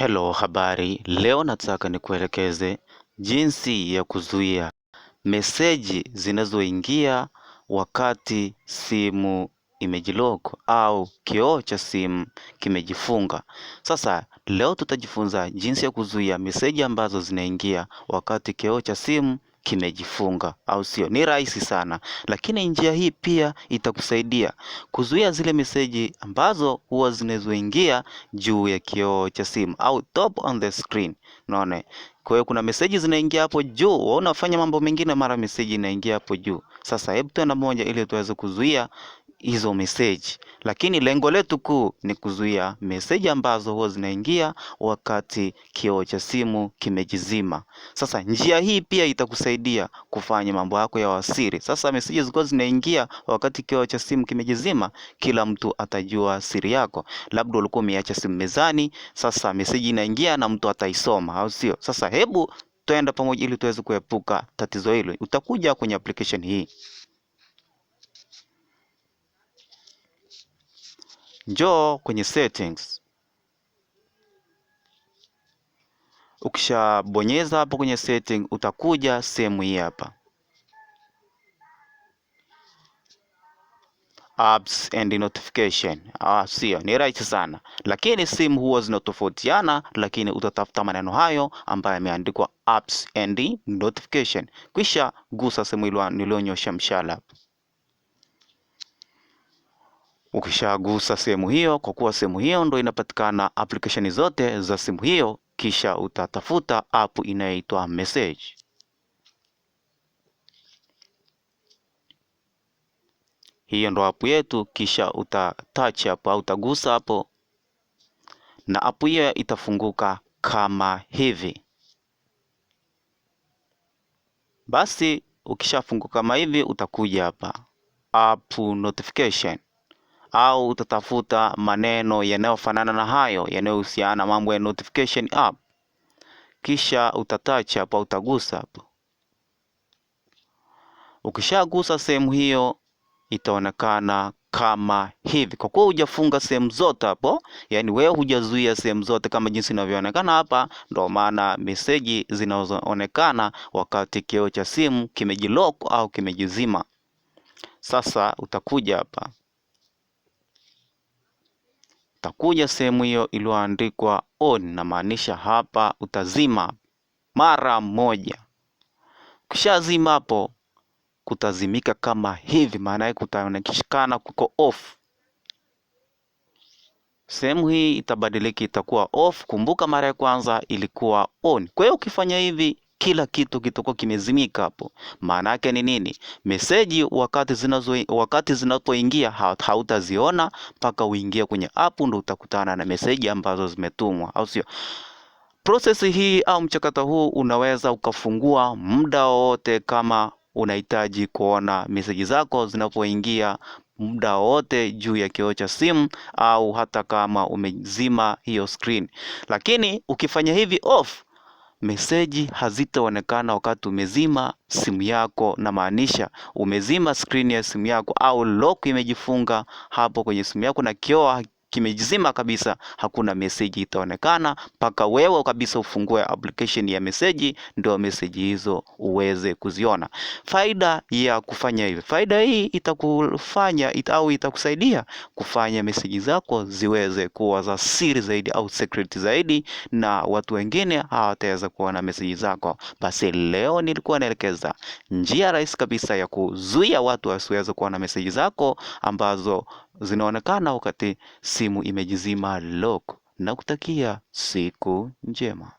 Hello, habari. Leo nataka nikuelekeze jinsi ya kuzuia meseji zinazoingia wakati simu imejilock au kioo cha simu kimejifunga. Sasa leo tutajifunza jinsi ya kuzuia meseji ambazo zinaingia wakati kioo cha simu kimejifunga au sio? Ni rahisi sana, lakini njia hii pia itakusaidia kuzuia zile meseji ambazo huwa zinazoingia juu ya kioo cha simu au top on the screen. Unaona, kwa hiyo kuna meseji zinaingia hapo juu, waona unafanya mambo mengine, mara meseji inaingia hapo juu. Sasa hebu tuwe moja ili tuweze kuzuia hizo message, lakini lengo letu kuu ni kuzuia meseji ambazo huwa zinaingia wakati kioo cha simu kimejizima. Sasa njia hii pia itakusaidia kufanya mambo yako ya wasiri. Sasa message zikuwa zinaingia wakati kioo cha simu kimejizima, kila mtu atajua siri yako. Labda ulikuwa umeacha simu mezani, sasa message inaingia na mtu ataisoma, au sio? Sasa hebu tuenda pamoja ili tuweze kuepuka tatizo hilo. Utakuja kwenye application hii. njoo kwenye settings. Ukishabonyeza hapo kwenye setting, utakuja sehemu hii hapa apps and notification. Ah, sio ni rahisi sana, lakini simu huwa zinatofautiana, lakini utatafuta maneno hayo ambayo yameandikwa apps and notification, kisha gusa sehemu nilionyosha mshale hapo. Ukishagusa sehemu hiyo, kwa kuwa sehemu hiyo ndo inapatikana application zote za simu hiyo, kisha utatafuta app inayoitwa message. Hiyo ndo app yetu, kisha touch hapo au utagusa hapo, na app hiyo itafunguka kama hivi. Basi ukishafunguka kama hivi, utakuja hapa app notification au utatafuta maneno yanayofanana na hayo yanayohusiana na mambo ya notification app, kisha utatach hapo, utagusa hapo. Ukishagusa sehemu hiyo itaonekana kama hivi. Kwa kuwa hujafunga sehemu zote hapo, yani wewe hujazuia sehemu zote kama jinsi inavyoonekana hapa, ndo maana meseji zinazoonekana wakati kioo cha simu kimejilock au kimejizima. Sasa utakuja hapa utakuja sehemu hiyo iliyoandikwa on, namaanisha hapa utazima mara moja. Ukishazima hapo kutazimika kama hivi, maana yake kutaonekana kuko off. Sehemu hii itabadiliki, itakuwa off. Kumbuka mara ya kwanza ilikuwa on. Kwa hiyo ukifanya hivi kila kitu kitakuwa kimezimika hapo. Maana yake ni nini? Meseji wakati zinazo wakati zinapoingia hautaziona mpaka uingie kwenye app, ndio utakutana na meseji ambazo zimetumwa, au sio? Process hii au mchakato huu unaweza ukafungua muda wowote kama unahitaji kuona meseji zako zinapoingia muda wote juu ya kioo cha simu au hata kama umezima hiyo screen. Lakini ukifanya hivi off meseji hazitaonekana wakati umezima simu yako, na maanisha umezima skrini ya simu yako au lock imejifunga hapo kwenye simu yako na kioo kimejizima kabisa, hakuna meseji itaonekana mpaka wewe kabisa ufungue application ya meseji, ndio meseji hizo uweze kuziona. Faida ya kufanya hivi faida hii itakufanya ita, au itakusaidia kufanya meseji zako ziweze kuwa za siri zaidi au secret zaidi, na watu wengine hawataweza kuona meseji zako. Basi leo nilikuwa naelekeza njia rahisi kabisa ya kuzuia watu wasiweze kuona meseji zako ambazo zinaonekana wakati simu imejizima lock na kutakia siku njema.